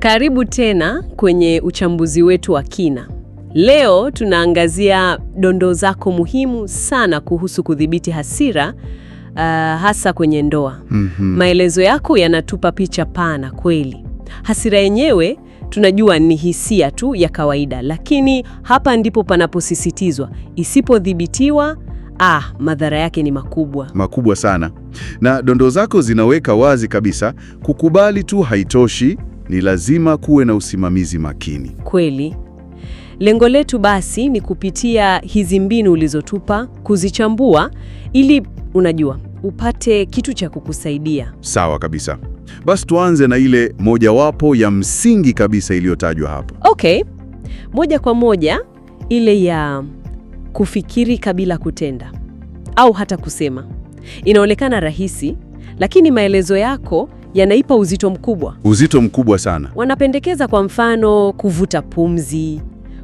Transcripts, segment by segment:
Karibu tena kwenye uchambuzi wetu wa kina. Leo tunaangazia dondoo zako muhimu sana kuhusu kudhibiti hasira, uh, hasa kwenye ndoa. Mm -hmm. Maelezo yako yanatupa picha pana kweli. Hasira yenyewe tunajua ni hisia tu ya kawaida, lakini hapa ndipo panaposisitizwa, isipodhibitiwa Ah, madhara yake ni makubwa makubwa sana. Na dondoo zako zinaweka wazi kabisa, kukubali tu haitoshi, ni lazima kuwe na usimamizi makini. Kweli. Lengo letu basi ni kupitia hizi mbinu ulizotupa kuzichambua, ili unajua upate kitu cha kukusaidia. Sawa kabisa. Basi tuanze na ile mojawapo ya msingi kabisa iliyotajwa hapo. Okay, moja kwa moja ile ya kufikiri kabla kutenda au hata kusema. Inaonekana rahisi, lakini maelezo yako yanaipa uzito mkubwa, uzito mkubwa sana. Wanapendekeza kwa mfano kuvuta pumzi,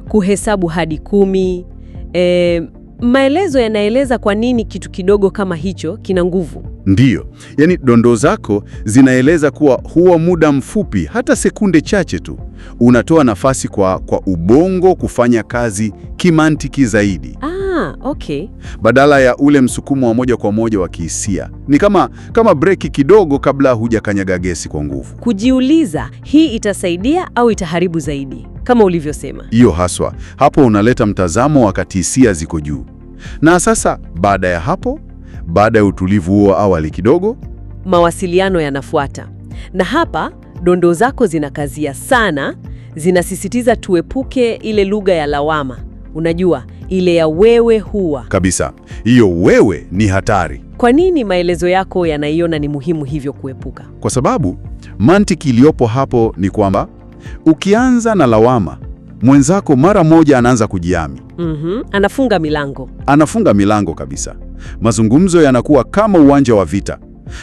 kuhesabu hadi kumi. E, maelezo yanaeleza kwa nini kitu kidogo kama hicho kina nguvu. Ndiyo, yaani dondoo zako zinaeleza kuwa huwa muda mfupi, hata sekunde chache tu, unatoa nafasi kwa, kwa ubongo kufanya kazi kimantiki zaidi. Ah, okay. Badala ya ule msukumo wa moja kwa moja wa kihisia, ni kama kama breki kidogo kabla hujakanyaga gesi kwa nguvu. Kujiuliza hii itasaidia au itaharibu zaidi, kama ulivyosema. Hiyo haswa, hapo unaleta mtazamo wakati hisia ziko juu. Na sasa baada ya hapo baada ya utulivu huo awali kidogo, mawasiliano yanafuata, na hapa dondoo zako zinakazia sana, zinasisitiza tuepuke ile lugha ya lawama, unajua ile ya wewe huwa kabisa. Hiyo wewe ni hatari. Kwa nini maelezo yako yanaiona ni muhimu hivyo kuepuka? Kwa sababu mantiki iliyopo hapo ni kwamba ukianza na lawama, mwenzako mara moja anaanza kujiami. Mm -hmm. Anafunga milango, anafunga milango kabisa. Mazungumzo yanakuwa kama uwanja wa vita.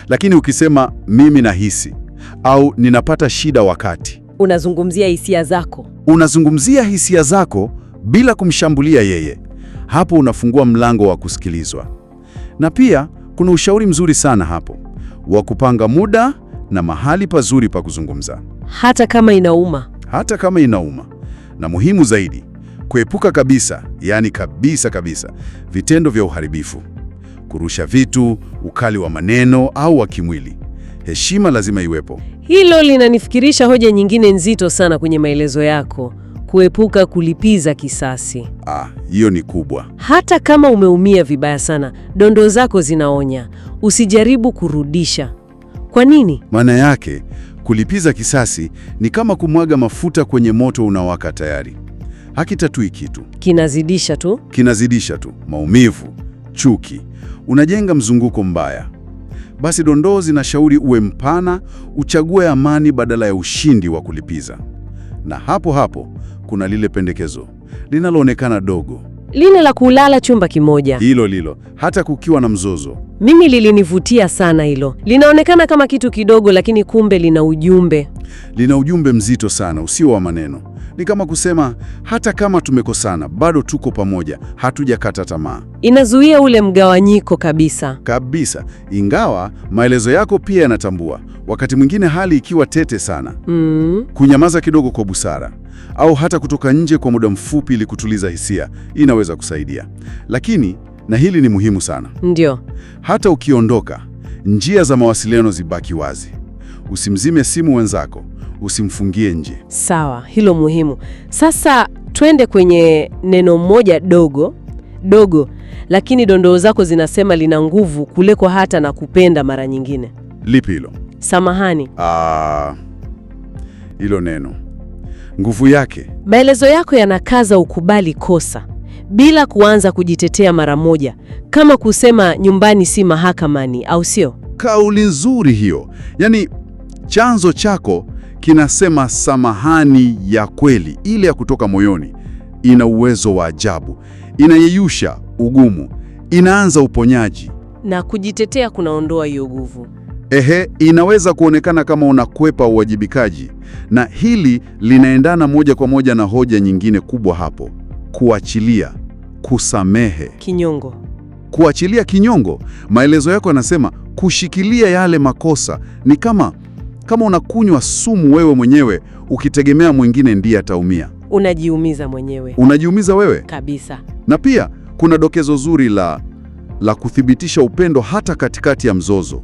Lakini ukisema mimi nahisi au ninapata shida wakati, unazungumzia hisia zako, unazungumzia hisia zako bila kumshambulia yeye. Hapo unafungua mlango wa kusikilizwa. Na pia kuna ushauri mzuri sana hapo wa kupanga muda na mahali pazuri pa kuzungumza, hata kama inauma, hata kama inauma. Na muhimu zaidi, kuepuka kabisa, yani kabisa kabisa, vitendo vya uharibifu kurusha vitu, ukali wa maneno au wa kimwili. Heshima lazima iwepo. Hilo linanifikirisha hoja nyingine nzito sana kwenye maelezo yako, kuepuka kulipiza kisasi. Ah, hiyo ni kubwa. Hata kama umeumia vibaya sana, dondoo zako zinaonya, usijaribu kurudisha. Kwa nini? Maana yake kulipiza kisasi ni kama kumwaga mafuta kwenye moto unawaka tayari. Hakitatui kitu, kinazidisha tu, kinazidisha tu maumivu, chuki, unajenga mzunguko mbaya. Basi dondoo zinashauri uwe mpana, uchague amani badala ya ushindi wa kulipiza. Na hapo hapo kuna lile pendekezo linaloonekana dogo, lile la kulala chumba kimoja, hilo lilo, hata kukiwa na mzozo mimi lilinivutia sana hilo. Linaonekana kama kitu kidogo, lakini kumbe lina ujumbe, lina ujumbe mzito sana usio wa maneno. Ni kama kusema hata kama tumekosana, bado tuko pamoja, hatujakata tamaa. Inazuia ule mgawanyiko kabisa kabisa, ingawa maelezo yako pia yanatambua wakati mwingine hali ikiwa tete sana mm. Kunyamaza kidogo kwa busara au hata kutoka nje kwa muda mfupi ili kutuliza hisia inaweza kusaidia, lakini na hili ni muhimu sana. Ndio, hata ukiondoka, njia za mawasiliano zibaki wazi. Usimzime simu wenzako, usimfungie nje. Sawa, hilo muhimu. Sasa twende kwenye neno moja dogo dogo, lakini dondoo zako zinasema lina nguvu kuliko hata na kupenda mara nyingine. Lipi hilo? Samahani. Ah, hilo neno, nguvu yake. Maelezo yako yanakaza ukubali kosa bila kuanza kujitetea mara moja, kama kusema nyumbani si mahakamani, au sio? Kauli nzuri hiyo. Yaani chanzo chako kinasema samahani ya kweli, ile ya kutoka moyoni, ina uwezo wa ajabu, inayeyusha ugumu, inaanza uponyaji. Na kujitetea kunaondoa hiyo nguvu. Ehe, inaweza kuonekana kama unakwepa uwajibikaji, na hili linaendana moja kwa moja na hoja nyingine kubwa hapo, kuachilia kusamehe. Kinyongo, kuachilia kinyongo. Maelezo yako yanasema kushikilia yale makosa ni kama kama unakunywa sumu wewe mwenyewe ukitegemea mwingine ndiye ataumia. Unajiumiza mwenyewe, unajiumiza wewe kabisa. Na pia kuna dokezo zuri la la kuthibitisha upendo hata katikati ya mzozo.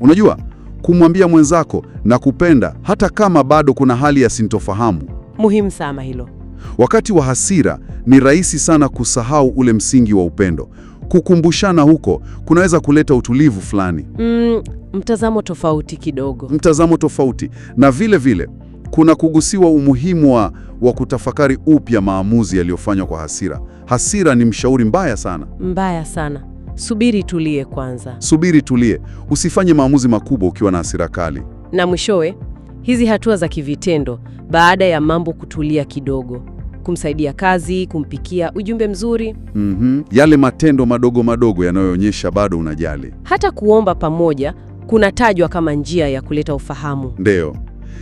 Unajua, kumwambia mwenzako na kupenda hata kama bado kuna hali ya sintofahamu. Muhimu sana hilo. Wakati wa hasira ni rahisi sana kusahau ule msingi wa upendo. Kukumbushana huko kunaweza kuleta utulivu fulani. Mm, mtazamo tofauti kidogo, mtazamo tofauti na vile vile kuna kugusiwa umuhimu wa, wa kutafakari upya maamuzi yaliyofanywa kwa hasira. Hasira ni mshauri mbaya sana, mbaya sana. Subiri tulie kwanza, subiri tulie, usifanye maamuzi makubwa ukiwa na hasira kali. Na mwishowe Hizi hatua za kivitendo baada ya mambo kutulia kidogo, kumsaidia kazi, kumpikia ujumbe mzuri mm -hmm. Yale matendo madogo madogo yanayoonyesha bado unajali. Hata kuomba pamoja kunatajwa kama njia ya kuleta ufahamu. Ndio,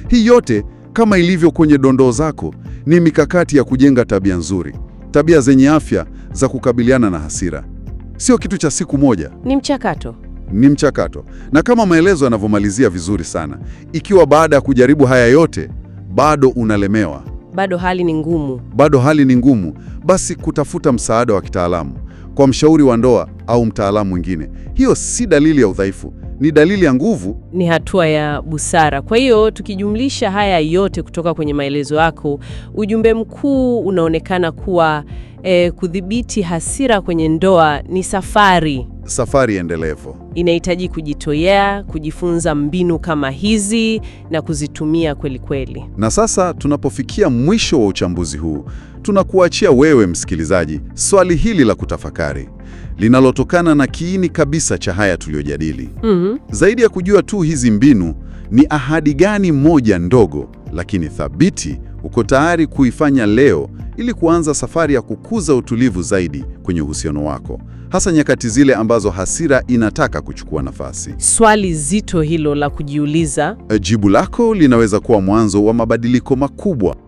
hii yote kama ilivyo kwenye dondoo zako ni mikakati ya kujenga tabia nzuri, tabia zenye afya za kukabiliana na hasira. Sio kitu cha siku moja, ni mchakato ni mchakato, na kama maelezo yanavyomalizia vizuri sana, ikiwa baada ya kujaribu haya yote bado unalemewa, bado hali ni ngumu, bado hali ni ngumu, basi kutafuta msaada wa kitaalamu kwa mshauri wa ndoa au mtaalamu mwingine, hiyo si dalili ya udhaifu, ni dalili ya nguvu, ni hatua ya busara. Kwa hiyo tukijumlisha haya yote kutoka kwenye maelezo yako, ujumbe mkuu unaonekana kuwa e, kudhibiti hasira kwenye ndoa ni safari, safari endelevu. Inahitaji kujitoyea kujifunza mbinu kama hizi na kuzitumia kweli kweli. Na sasa tunapofikia mwisho wa uchambuzi huu, tunakuachia wewe msikilizaji swali hili la kutafakari linalotokana na kiini kabisa cha haya tuliyojadili. Mm -hmm. Zaidi ya kujua tu hizi mbinu, ni ahadi gani moja ndogo lakini thabiti uko tayari kuifanya leo ili kuanza safari ya kukuza utulivu zaidi kwenye uhusiano wako, hasa nyakati zile ambazo hasira inataka kuchukua nafasi. Swali zito hilo la kujiuliza. Jibu lako linaweza kuwa mwanzo wa mabadiliko makubwa.